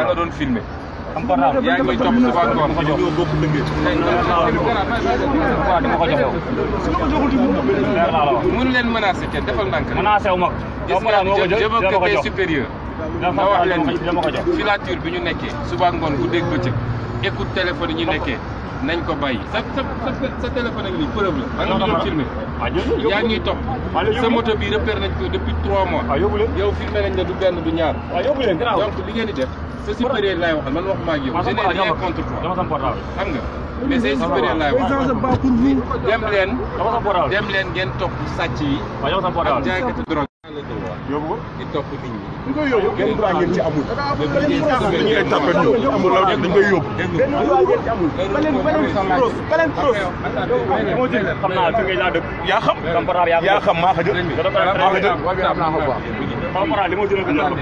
da nga doon filmé. am ko naaw yaa ngi may topp suba ak ngoon. ñoo bokk liggéey. waaw dama ko joxoo. mënu leen menacé ca defal ndànk. menacé wu ma ko. gis nga je veux que supérieur. ma wax bi ñu nekkee suba ak ngoon ku dégg bëccëg écoute téléphone yi ñu nekkee nañ ko bàyyi sa sa sa téléphone ak nii preuve la. da nga ñu doon filmé. topp. Ah, sa moto a repère nañ ko depuis 3 mois. Ah, yow filmé nañ ne du benn du ñaar. Ah, sa supérieur laay waxal man waxuma ak yow. je n'ai contre toi xam nga. mais say supérieur laay waxal dem leen. ngeen topp sàcc yi. ak jaaykatu drogue. yóbbu ko di topp nit ñi. ñu koy yóbbu benn droit ngeen ci amul. dañuy tàppale ñëw amul la dañ koy yóbbu. benn droit ngeen ci amul. beneen beneen pros beneen pros. moo jël xam naa fi ngay laa dëkk. yaa xam yaa xam maa ko jël. maa ko jël.